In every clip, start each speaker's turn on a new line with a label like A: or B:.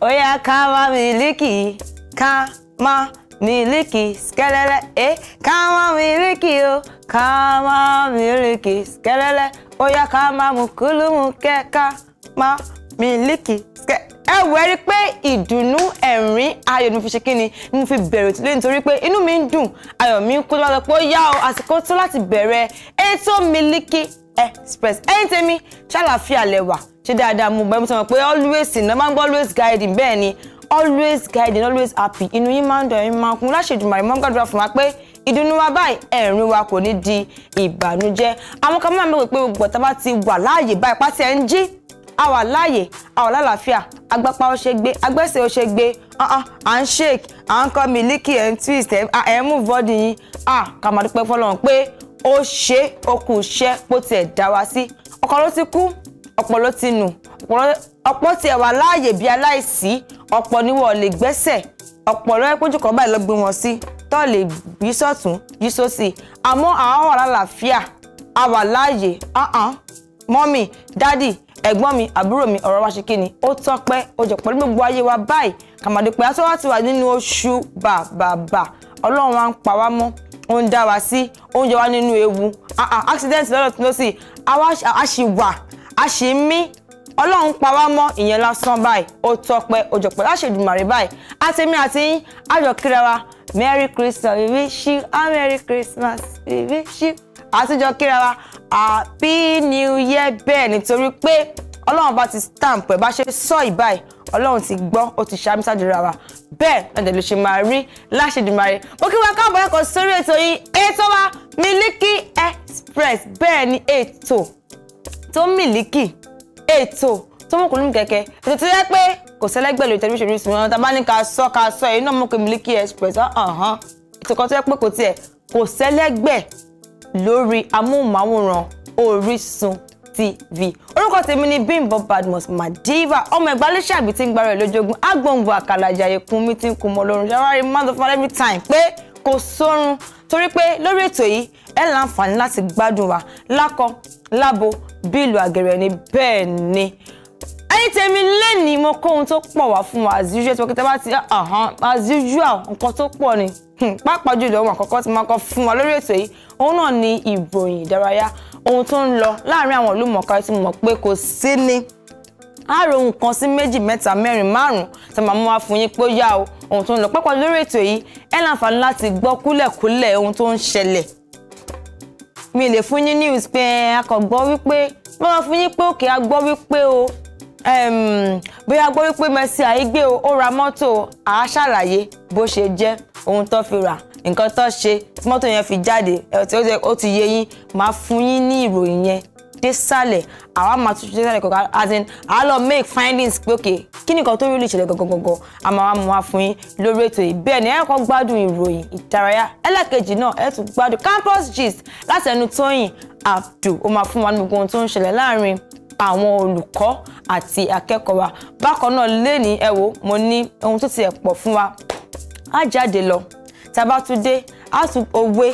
A: ó yá ká má mílíkì ká má mílíkì skẹ́lẹ́lẹ́ ẹ ká má mílíkì o ká má mílíkì skẹ́lẹ́lẹ́ ó yá ká má mú kúlùmù kẹ́ ká má mílíkì skẹ́ ẹ wò rí pé ìdùnnú ẹ̀rín ayọ̀ ni mo fi ṣe kí ni mo fi bẹ̀rẹ̀ òtún lé nítorí pé inú mi ń dùn ayọ̀ mi ń kú lọ́wọ́ pé ó yá o àsìkò tó láti bẹ̀rẹ̀ ètò Miliki Express ẹ̀yin tèmi ṣàlàfíà lẹ́wà ṣé dáadáa mo gbọ́ mo sọ pé always iná máa ń gbọ́ always guiding bẹ́ẹ̀ ni always guiding always happy inú yín máa ń dùn ẹ̀yin máa ń kún láṣẹ̀dùmàrè mọ́ gbàdúrà fún wa pé ìdùnnú wa báyìí ẹ̀rín wa kò ní di ìbànújẹ́ àwọn kan máa ń mẹ́wèé pé gbogbo ọ̀tá bá ti wà láàyè báyìí pàṣẹ ń jí a wà láàyè a wà lálàáfíà agbápá ó ṣe gbé agbẹ́sẹ̀ ó ṣe gbé ah, ah, à ń shake à ń kọ́ mílíkì ẹ̀ ń twist ẹ̀ ń move body yín à ah, ká máa dúpẹ́ fọlọ́run pé ó ṣe é ó kù iṣẹ́ bó tiẹ̀ dá wa sí ọkọ̀ ló ti kú ọpọlọ ti nù ọ̀pọ̀ tiẹ̀ wà láàyè bíi aláìsí ọ̀pọ̀ ni wọ́n lè gbẹ́sẹ̀ ọ̀pọ̀lọ́ ẹ̀pọ̀jù kan báyìí ló gbé wọn sí tó lè yí sọ̀tún yí sósì àmọ́ àwọn ọ̀rọ̀ àlàáfíà a wà láàyè mọ́mì dádì ẹ̀gbọ́n mi àbúrò mi ọ̀rọ̀ wa ṣe kí ni ó tọ́pẹ́ ó jẹ́ pẹ̀lú gbogbo ayé wa báyìí kàmàdé pé aṣọ́wá ti wà nínú oṣù bàbàbà ọlọ́run wa ń pa wá mọ́ ó ń dá wa sí ó ń yọ wá nínú ewu accident lọ́dọ̀ tí ló sì a ṣì wà a sì ń mí ọlọ́run pa wá mọ́ ìyẹn lásán báyìí ó tọpẹ́ ó jọpẹ́ láṣẹ Èdùmàrè báyìí àtẹ̀mí àti yín àjọ kíra wa merry christmas we wish you a merry christmas we wish you àtijọ́ kíra wa happy new year bẹ́ẹ̀ nítorí pé ọlọ́run bá ti stamp ẹ̀ bá ṣe sọ ìbáyìí ọlọ́run ti gbọ́ ó ti ṣàmì sádùúrà wa bẹ́ẹ̀ ẹ̀dẹ̀ ló ṣe máa rí láṣẹ Èdùmàrè mo kí wa káàbọ̀ ẹ̀kọ́ sórí ètò yìí ètò wa Miliki Express bẹ́ẹ̀ ni ètò tó ń mìlíkì ètò tó mú kùnú kẹ̀kẹ́ ètò tó yẹ pé kò sẹ́lẹ́gbẹ̀ lórí tẹlifíṣàn Orísun ọ̀nà tàbá ní ká sọ ká sọ èyí náà mú pé Miliki Express ọ̀hán ètò kan tó yẹ pé kò tiẹ̀ kò sẹ́lẹ́gbẹ̀ lórí amóhùnmáwòrán Orísun TV orúkọ tèmi ni Bimbo Badmus Madiva ọmọ ẹgbẹ́ aléṣẹ́ àbí tí ń gbára ẹ̀ lójoogun agbóhùn àkàlà àjàyè kun mi ti ń kun mọ́ lọ́rùn ṣàwárí mouth of every time pé kò sórun torí pé lórí ètò yìí ẹ láǹfààní láti gbádùn wa lákọ lábo bílù àgẹ̀rẹ̀ ni bẹ́ẹ̀ ni ẹ̀yin tèmi lẹ́nìí mo kó ohun tó pọ̀ wá fún wa as usual tí wọ́n kí tẹ́ ti as usual nǹkan tó pọ̀ ni hmm, pàápàá jùlọ ohun àkọ́kọ́ tí máa kọ́ fún wa lórí ètò yìí òun náà ni ìròyìn ìdárayá ohun tó ń lọ láàárín àwọn olùmọ̀ọ́ká tí mo mọ̀ pé kò sí ni á ro nǹkan sí méjì mẹ́ta mẹ́rin márùn-ún tá máa mú wá fún yín pé ó yá o ohun tó ń lọ pápá lórí ètò yìí ẹ láǹfààní láti gbọ́ kúlẹ̀kúlẹ̀ ohun tó ń ṣẹlẹ̀ mi lè fún yín news pé a kò wípé mo máa fún yín pé òkè a wípé o bóyá gbọ́ wípé Mercy Aigbe o ó ra mọ́tò à á ṣàlàyé bó ṣe jẹ́ ohun tó fi rà nǹkan tó ṣe tí mọ́tò yẹn fi jáde ẹ̀ tí ó ti yé yín máa fún yín ní ìròyìn yẹn désàlẹ̀ àwa máa tún désàlẹ̀ kọ̀ọ̀kan as in àá lọ make findings pé okay kí ni nǹkan tó really ṣẹlẹ̀ gangan a máa wá mú wá fún yín lórí ètò yìí bẹ́ẹ̀ ni ẹ kọ́ gbádùn ìròyìn ìdárayá ẹlẹ́kejì náà ẹ tún gbádùn campus gist láti ẹnu Tóyìn Abdul ó máa fún wa ní gbogbo ohun tó ń ṣẹlẹ̀ láàrin àwọn olùkọ́ àti akẹ́kọ̀ọ́ wa bákan náà lẹ́ni ẹ wo mo ní ohun tó ti ẹ̀ pọ̀ fún wa á jáde lọ tá á tún òwe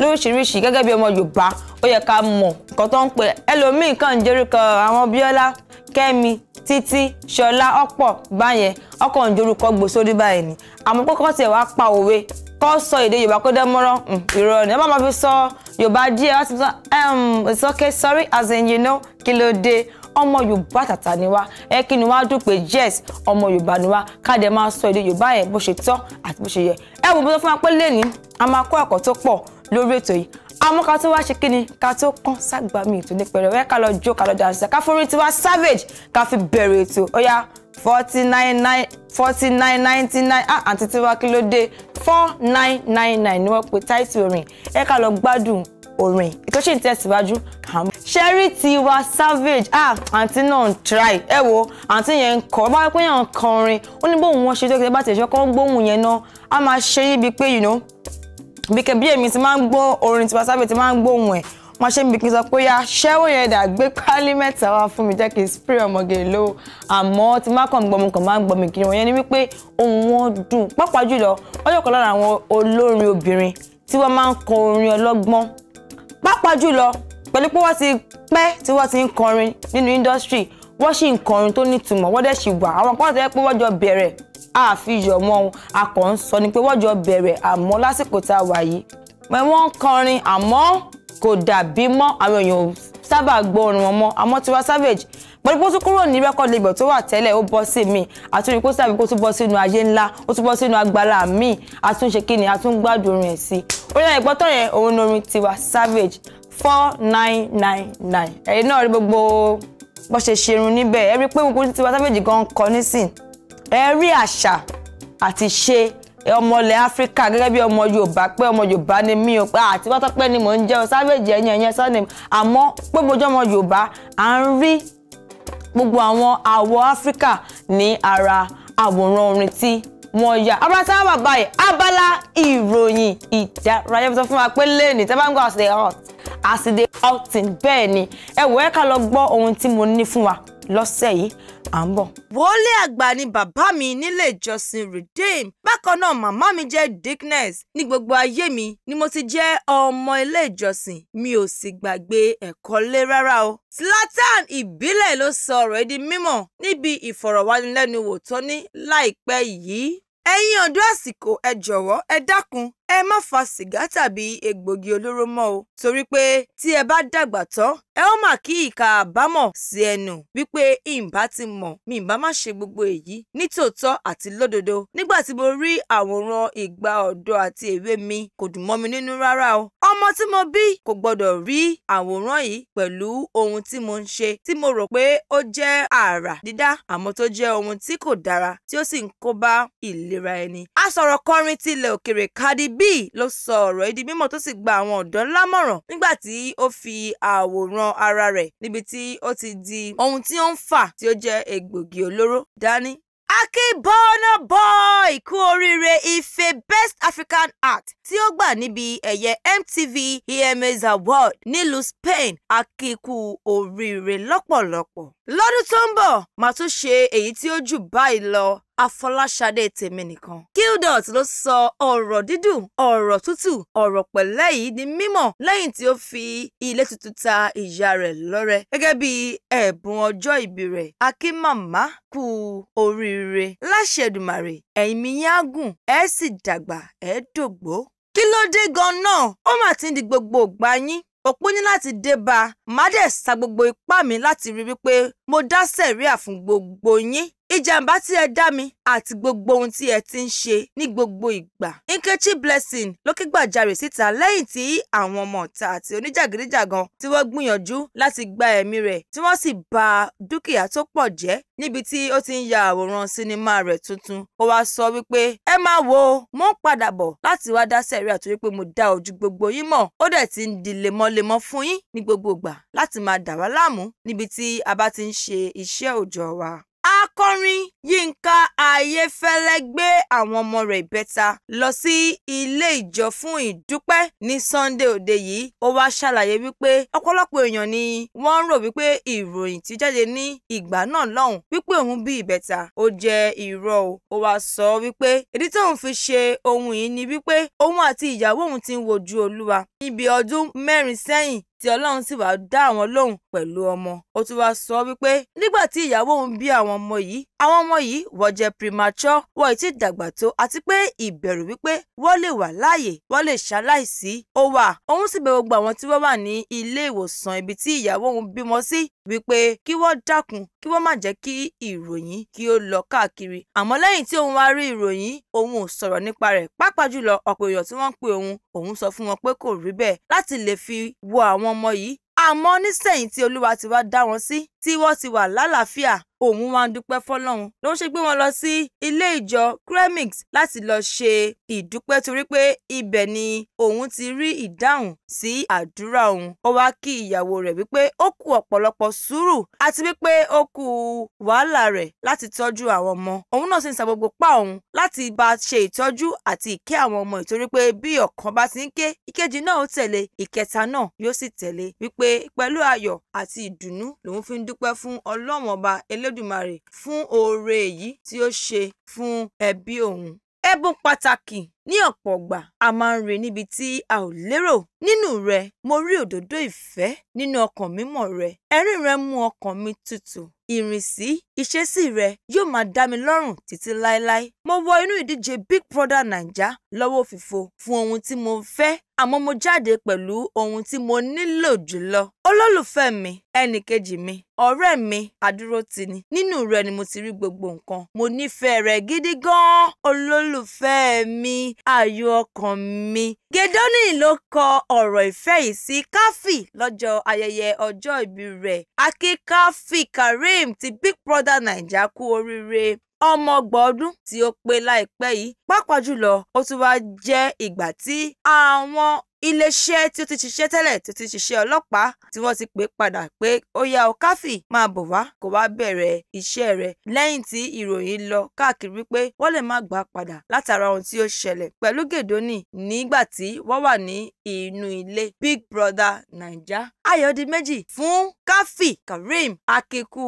A: lóríṣiríṣi gẹ́gẹ́ bí ọmọ Yorùbá ó yẹ ká mọ̀ nǹkan tó ń pè ẹlòmíì kan ń àwọn Bíọ́lá Kẹ́mi Títí Ṣọlá ọ̀pọ̀ báyẹn ọkọ̀ ń gbòsórí báyìí ni àmọ́ kókó tiẹ̀ wá pa òwe kọ́ sọ èdè Yorùbá kó dẹ́mọ́rọ́ hmm, ìrọ̀ ni ẹ má máa fi sọ Yorùbá díẹ̀ wá sí sọ ehm, it's okay sorry as in you know kí ló dé ọmọ yorùbá tàtà ni wá ẹ kí ni wá dùn pé yes ọmọ yorùbá ni wá káde máa sọ èdè yorùbá yẹn bó ṣe tọ́ àti bó ṣe yẹ ẹ wò bó tó fún wa pé lẹ́ni a máa kọ́ ẹ̀kọ́ tó pọ̀ lórí ètò yìí àmọ́ ká tó wá ṣe kí ni ká tó kán ságbá mi ètò ní pẹ̀rẹ̀ wẹ́ ká lọ jó ká lọ dànsá ká forí tiwa savage ká fi bẹ̀rẹ̀ ètò ọ̀yá forty nine nine forty nine ninety nine ah àǹtí tiwa kí ló dé four nine nine nine ni wọ́n pe táìtì orin ẹ ká lọ gbádùn orin ètò ṣì ń tẹ̀síwájú àmọ́. Sherry Tiwa Savage ah àǹtí náà ń try ẹ wo àǹtí yẹn ń kọ bá pé yẹn ń kọrin ó ní bóun wọn ṣe tó kí ẹ bá tẹ̀síọ́ kọ́ gbóhùn yẹn náà á máa ṣe yí bíi pé you know bíkẹ́ bí èmi ti máa ń gbọ́ orin Tiwa Savage ti máa ń gbóhùn ẹ̀ wọ́n ṣe ń bí kí n sọ pé ya ṣẹ́wó yẹn dà gbé pálí mẹ́ta wá fún mi jẹ́ kí n spray ọmọge lówó àmọ́ tí má kàn gbọ́ mi kàn má gbọ́ mi kiri wọ́n yẹn ni wípé ohun wọn dùn pàápàá jùlọ wọ́n kan lára àwọn olórin obìnrin tí wọ́n máa ń kọ orin ọlọ́gbọ́n pàápàá jùlọ pẹ̀lú pé wọ́n ti pẹ́ tí wọ́n ti ń kọrin nínú industry wọ́n sì ń kọrin tó nítumọ̀ wọ́n dẹ̀ sì wà àwọn kan tó yẹ pé wọ́n jọ bẹ̀rẹ̀ àfihàn mọ́ ohun a kàn ń sọ ni pé wọ́n jọ bẹ̀rẹ̀ àmọ́ lásìkò tá a wà yìí wọ́n ń kọrin àmọ́ kò dàbí mọ́ àwọn èèyàn sábà gbọ́ orin wọn mọ́ àmọ́ Tiwa Savage pẹ̀lú pé ó tún kúrò ní rẹ́kọ̀dì ìgbà tó wà tẹ́lẹ̀ ó bọ́ sí mi àtúnyìn kó sàbí kó tún bọ́ sínú ayé ńlá ó tún bọ́ sínú agbára mi àtúnṣe kí ni àtúngbádùn orin ẹ̀ sí orin ẹ̀gbọ́n tọ̀ yẹn òun ni orin Tiwa Savage four nine nine nine ẹ̀yin náà rí gbogbo bó ṣe ṣerun níbẹ̀ ẹ rí pé gbogbo Tiwa Savage gan kọ nísìn ẹ̀rí àṣà àti ṣe ọmọlẹ̀ áfíríkà gẹ́gẹ́ bí ọmọ yorùbá pé ọmọ yorùbá ni mí o pé àti pátápẹ́ ni mò ń jẹ́ o savage ẹ̀yìn ẹ̀yìn surname àmọ́ pé mo jẹ́ ọmọ yorùbá à ń rí gbogbo àwọn àwọ̀ áfíríkà ní ara àwòrán orin tí wọ́n yà abala tí wọ́n bá báyìí abala ìròyìn ìdárayá sọ fún wa pé lẹ́ẹ̀ni tí wọ́n bá ń gbọ́ àṣìdè hot àṣìdè outing bẹ́ẹ̀ ni ẹ̀wọ̀ ẹ̀ka lọ gbọ́ ohun tí mo ní fún wa lọ́sẹ̀ yìí à ń bọ̀. wòlé àgbà ni bàbá mi nílé ìjọsìn redeem bákan náà màmá mi jẹ́ dickness ní gbogbo ayé mi ni mo ti jẹ́ ọmọ ilé ìjọsìn mi ò sì gbàgbé ẹ̀kọ́ lé rárá o. Zlatan ìbílẹ̀ ló sọ ọ̀rọ̀ di mímọ̀ níbi ìfọ̀rọ̀wánilẹ́nuwò tó ní láìpẹ́ yìí. ẹ̀yin ọ̀dọ́ àsìkò ẹ jọ̀wọ́ ẹ dákun ẹ má fa sìgá tàbí egbògi olóró mọ́ o torí pé tí ẹ bá dàgbà tán ẹ ó mà kí ìka àbámọ̀ sí ẹnu wípé ìǹbá ti mọ̀ mi ìǹbá má ṣe gbogbo èyí nítòótọ́ àti lódodo nígbà tí mo rí àwòrán ìgbà ọ̀dọ́ àti èwe mi kò dùn mọ́ mi nínú rárá o ọmọ tí mo bí kò gbọdọ̀ rí àwòrán yìí pẹ̀lú ohun tí mo ń ṣe tí mo rò pé ó jẹ́ àrà dídá àmọ́ tó jẹ́ ohun tí kò dára tí ó sì ń kó bá ìlera ẹni. asọ̀rọ̀ kọrin tilẹ̀ òkèrè Cardi B bíi ló sọ ọ̀rọ̀ yìí di mímọ̀ tó sì gba àwọn ọ̀dọ́ lámọ̀ràn nígbà tí ó fi àwòrán ara rẹ̀ níbi tí ó ti di ohun tí ó ń fà tí ó jẹ́ egbògi olóró dání akíbọ́nà boy kú oríire ife best african act tí ó gbà níbi ẹ̀yẹ mtv emas award nílùú spain akíkú oríire lọ́pọ̀lọpọ̀. lọ́dún tó ń bọ̀ màá tún ṣe èyí tí ó jù báyìí lọ Afọláṣadé tèmi nìkan. Gildot ló sọ ọ̀rọ̀ dídùn ọ̀rọ̀ tútù ọ̀rọ̀ pẹ̀lẹ́ yìí di mímọ̀ lẹ́yìn tí ó fi ilé tuntun ta ìyá rẹ̀ lọ́rẹ gẹ́gẹ́ bí ẹ̀bùn ọjọ́ ìbí rẹ̀ akínmàmá kú oríire láṣẹ Èdùmàrè ẹ̀mí yín á gùn ẹ̀ sì dàgbà ẹ̀ dògbó. kí ló dé gan-an ó mà ti ń di gbogbo ìgbà yín òpin ní láti dé bá a má dẹ̀ sa gbogbo ipá mi láti rí wípé mo dá sẹ̀ríà fún gbogbo yín ìjàmbá tí ẹ dá mi àti gbogbo ohun tí ẹ ti ń ṣe ní gbogbo ìgbà. Nkechi Blessing ló kígbàjarè síta lẹ́yìn tí àwọn ọmọ ọ̀tá àti oníjàgídíjàgan tí wọ́n gbìyànjú láti gba ẹ̀mí rẹ̀ tí wọ́n sì bà dúkìá tó pọ̀ jẹ́ níbi tí ó ti ń ya àwòrán sinimá rẹ̀ tuntun. Ó wáá sọ wípé ẹ máa wo mò ń padà bọ̀ láti wá dá sẹ́rí àtúrí pé mo dá ojú gbogbo yín mọ̀ ó dẹ̀ ti ń di lemọ́lemọ́ fún yín ní gbogbo ìgbà láti máa dà wá láàmú níbi tí a bá ti ń ṣe iṣẹ́ òòjọ́ wa. Akọrin Yínká Ayéfẹ́lẹ́ gbé àwọn ọmọ rẹ̀ ìbẹ́ta lọ sí ilé ìjọ fún ìdúpẹ́ ní Sunday òde yìí ó wá ṣàlàyé wípé ọ̀pọ̀lọpọ̀ èèyàn ni wọ́n ń rò wípé ìròyìn ti jáde ní ìgbà náà lọ́hùn wípé òun bí ìbẹ́ta ó jẹ́ irọ́ o ó wá sọ wípé ìdí tóun fi ṣe ohun yìí ni wípé òun àti ìyàwó òun ti ń wojú Olúwa níbi ọdún mẹ́rin sẹ́yìn tí Ọlọ́run sì wá dá àwọn lóhùn pẹ̀lú ọmọ ó tún wáá sọ wípé nígbà tí ìyàwó òun bí àwọn ọmọ yìí àwọn ọmọ yìí wọ́n jẹ́ premature wọ́n ì tí dàgbà tó àti pé ìbẹ̀rù wípé wọ́n lè wà láàyè wọ́n lè ṣaláìsí ó wà òun sì bẹ̀ gbogbo àwọn tí wọ́n wà ní ilé ìwòsàn ibi tí ìyàwó òun bímọ sí wípé kí wọ́n dákun kí wọ́n má jẹ́ kí ìròyìn kí ó lọ káàkiri àmọ́ lẹ́yìn tí òun wá rí ìròyìn òun ò sọ̀rọ̀ nípa rẹ̀ pàápàá jùlọ ọ̀pọ̀ èèyàn tí wọ́n pe òun òun sọ fún wọn pé kò rí bẹ́ẹ̀ láti lè fi wo àwọn ọmọ yìí àmọ́ nísẹ̀yìn tí olúwa ti wá dá wọn sí tí wọ́n ti wà lálàáfíà òun wá ń dúpẹ́ fọ́lọ́run ló ń ṣe gbé wọn lọ sí ilé ìjọ kremix láti lọ ṣe ìdúpẹ́ torí pé ibẹ̀ ni òun ti rí ìdáhùn sí àdúrà òun ó wá kí ìyàwó rẹ̀ wípé ó kù ọ̀pọ̀lọpọ̀ sùúrù àti wípé ó kù wàhálà rẹ̀ láti tọ́jú àwọn ọmọ òun náà sì ń sa gbogbo pa òun láti bá a ṣe ìtọ́jú àti ìkẹ́ àwọn ọmọ ìtorí pé bí ọ̀kan bá ti ń ké ìkejì náà ó tẹ̀lé ìkẹta náà yóò sì tẹ̀lé wípé pẹ̀lú ayọ̀ àti ìdùnnú lòun fi ń dúpẹ́ fún ọlọ́run ọba elédùmarè fún oore èyí tí ó ṣe fún ẹbí òun ẹ̀bùn pàtàkì ní ọ̀pọ̀ ọgbà a máa ń rí níbi tí a ò lérò nínú rẹ mo rí òdòdó ìfẹ́ nínú ọkàn mímọ́ rẹ ẹ̀rín rẹ mú ọkàn mi tutù ìrìnsí ìṣesí rẹ yóò máa dá mi lọ́rùn títí láéláé mo wọ inú ìdíje Big Brother Naija lọ́wọ́ òfìfo fún ohun tí mo fẹ́ àmọ́ mo jáde pẹ̀lú ohun tí mo nílò jùlọ. olólùfẹ́ mi ẹnì kejì mi ọ̀rẹ́ mi àdúrótini nínú rẹ ni mo ti rí gbogbo nǹkan mo nífẹ̀ẹ́ rẹ gidi gan-an olólùfẹ́ mi ayò ọkàn mi. Gèdónì ló kọ ọ̀rọ̀ ìfẹ́ yìí sí Káfì lọ́jọ́ ayẹyẹ ọjọ́ ìbí rẹ̀ Aki Káfì Karim ti Big Brother Naija kú oríire ọmọ ọgbọ̀n ọdún tí ó pé láìpẹ́ yìí pàápàá jùlọ ó tún wá jẹ́ ìgbà tí àwọn iléeṣẹ́ tí ó ti ṣiṣẹ́ tẹ́lẹ̀ tí ó ti ṣiṣẹ́ ọlọ́pàá tí wọ́n ti pè padà pé ó yá o káfì máa bọ̀ wá kó wá bẹ̀rẹ̀ iṣẹ́ rẹ̀ lẹ́yìn tí ìròyìn lọ káàkiri wípé wọ́n lè má gbà padà látara ohun tí ó ṣẹlẹ̀ pẹ̀lú gèdónì nígbà tí wọ́n wà ní inú ilé Big Brother Naija ayọ̀ di méjì fún káfí Karim akíkú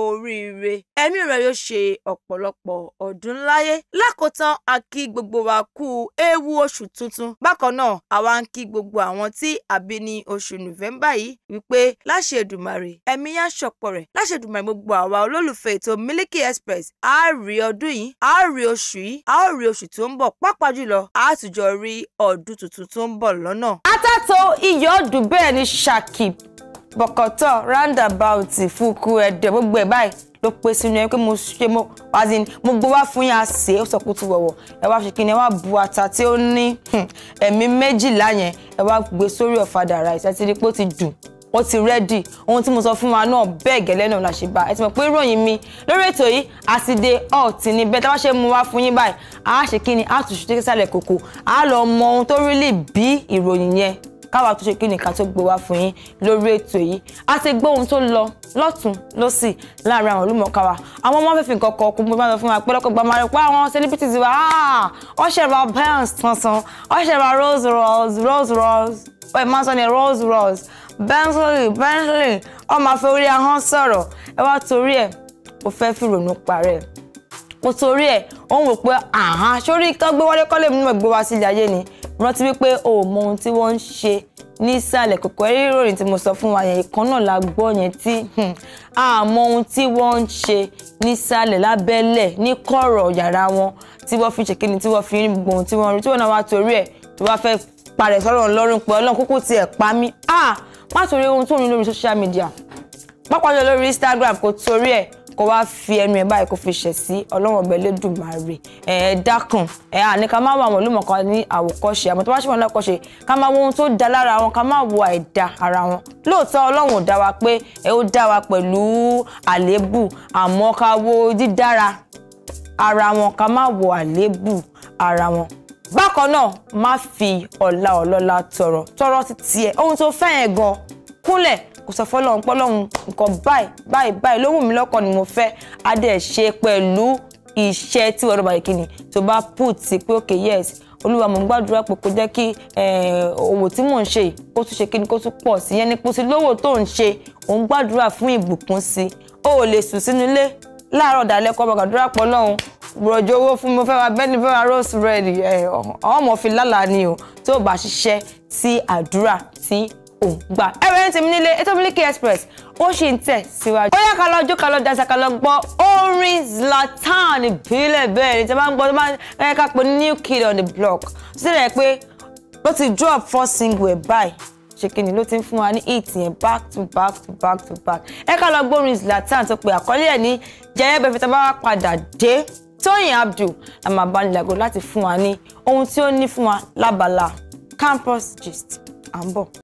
A: oríire ẹ̀mí rẹ̀ yóò ṣe ọ̀pọ̀lọpọ̀ ọdún láyé lákòótán a kí gbogbo wa kú ewu oṣù tuntun bákan náà àwa ń kí gbogbo àwọn tí àbí ní oṣù nùfẹ̀mbà yìí wípé láṣẹ Èdùmàrè ẹ̀mí yá ṣọ̀pọ̀ rẹ̀ láṣẹ Èdùmàrè gbogbo àwa olólùfẹ́ ètò Miliki Express a rí ọdún yìí a rí oṣù yìí a ó rí oṣù tó ń bọ̀ pápá jùlọ a tún jọ rí ọdún tuntun tó ń bọ̀ lọ́nà. atátó iyọ̀ dùn bẹ́ẹ̀ ni ṣàkì bọ̀kọ̀tọ̀ roundabout fúkú ẹ̀dẹ̀ gbogbo ẹ̀ báyìí ló pé sínú ẹ pé mo ṣe mo wáṣí mo gbọ́ wá fún yín àṣẹ ó sọ pé ó ẹ wá fi kí ni ẹ wá bu ata tí ó ní hmm, ẹ̀mí méjìlá yẹn ẹ wá gbé sórí ọ̀fadà rice ẹ ti rí pé ó ti dùn ó ti rẹ́dì ohun tí mo sọ fún wa náà bẹ́ẹ̀ gẹ́lẹ́ náà la bá ẹ ti mọ̀ pé ìròyìn mi lórí ètò yìí àtidé ọ̀tí ni bẹ́ẹ̀ tí wọ́n ṣe mú wá fún yín báyìí àá àtúnṣe tó kí sálẹ̀ mọ ohun tó rí lè bí ìròyìn yẹn káwa tó ṣe kí nìkan tó gbé wá fún yín lórí ètò yìí a ti gbọ́ tó lọ lọ́tún lọ́sì láàrin àwọn olùmọ̀ọ́ká àwọn ọmọ fẹ́fẹ́ nǹkan kan ọkùnrin bá lọ fún wa pé lọ́kọ̀ gbàmọ́ rẹ̀ pé àwọn celebrities wa ah! wọ́n ṣe tuntun wọ́n ṣe ra Rolls Royce Rolls máa sọ ni Rolls Royce Bentley Bentley wọ́n máa fẹ́ orí ahọ́n sọ̀rọ̀ ẹ wá torí ẹ̀ ó fẹ́ fìrònú parẹ́ ó torí ẹ̀ ó ń pé àhán sórí tó wọlé kọ́lé mi náà gbé wá ayé ni rántí wípé o ò mọ ohun tí wọ́n ń ṣe nísàlẹ̀ kòkó ẹ̀rí ìròyìn tí mo sọ fún wa yẹn ìkan náà la gbọ́ yẹn tí hmm, a mọ ohun tí wọ́n ń ṣe nísàlẹ̀ lábẹ́lẹ̀ ní kọ̀rọ̀ yàrá wọn tí wọ́n fi ṣèkíni tí wọ́n fi ń gbọ̀n tí wọ́n rí tí wọ́n náà wá torí ẹ̀ tó bá fẹ́ parẹ̀ sọ́rọ̀ ọlọ́run pé ọlọ́run kúkú tiẹ̀ pa mí ah! má torí ohun tó rí lórí social media pápá jọ lórí Instagram kò torí kó wá fi ẹnu ẹ báyìí kó fi ṣẹ̀ sí ọlọ́wọ́n ọbẹ̀ lẹ́dùnmáre ẹ dákun ẹ àní ká má wọ àwọn olùmọ̀kan ní àwòkọ́ṣe àmọ́ tó bá ṣe wọn lọ́kọ́ṣe ká má wo ohun tó da lára wọn ká má wo àìda ara wọn lóòótọ́ ọlọ́run ò dá wa pé ẹ ó dá wa pẹ̀lú àléébù àmọ́ ká wo dídára ara wọn ká má wo àléébù ara wọn bákan náà má fi ọ̀la ọ̀lọ́la tọrọ tọrọ ti tiẹ̀ ohun tó fẹ́ yẹn gan kúnlẹ̀ kò sọ fọlọ́run pọ́lọ́run nǹkan báyìí báyìí báyìí ló wù lọ́kàn ni mo fẹ́ á dẹ̀ ṣe pẹ̀lú iṣẹ́ tí wọ́n rọ̀ báyìí kìíní tó bá put sí pé ok yes olúwa mò ń gbàdúrà pé kó jẹ́ kí òwò tí mò ń ṣe kó tún ṣe kíni kó tún pọ̀ sí yẹn ni kó sí lówó tó ń ṣe òun gbàdúrà fún ìbùkún sí o ò lè sùn sínú ilé láàárọ̀ dalẹ́ kọ́ ọmọ gbàdúrà pọ̀ lọ́hùn rọ̀jò owó fún mi fẹ́ wa bẹ́ẹ̀ ni fẹ́ wa rose red ọmọ fi lálàá ni o tó bá ṣiṣẹ́ sí àdúrà tí ò gbà ẹ̀rọ ti mi nílé ètò Miliki Express ó ṣì ń tẹ̀ síwájú. ó yá ká lọ jó ká lọ dansa ká lọ gbọ́ orin Zlatan ìbílẹ̀ bẹ́ẹ̀ ni tí a bá ń gbọ́ tó bá ń ká pé new kid on the block sílẹ̀ pé ló ti drop first single ẹ̀ báyìí ṣe kí ni ló ti ń fún wa ní hit yẹn back to back to back to back ẹ ká lọ gbọ́ orin Zlatan tó pe àkọlé ẹ̀ ní jẹyẹ bẹfẹ tá a bá wá padà dé Tóyìn Abdul àmàbánilago láti fún wa ní ohun tí ó ní fún wa lábala campus gist à ń bọ̀.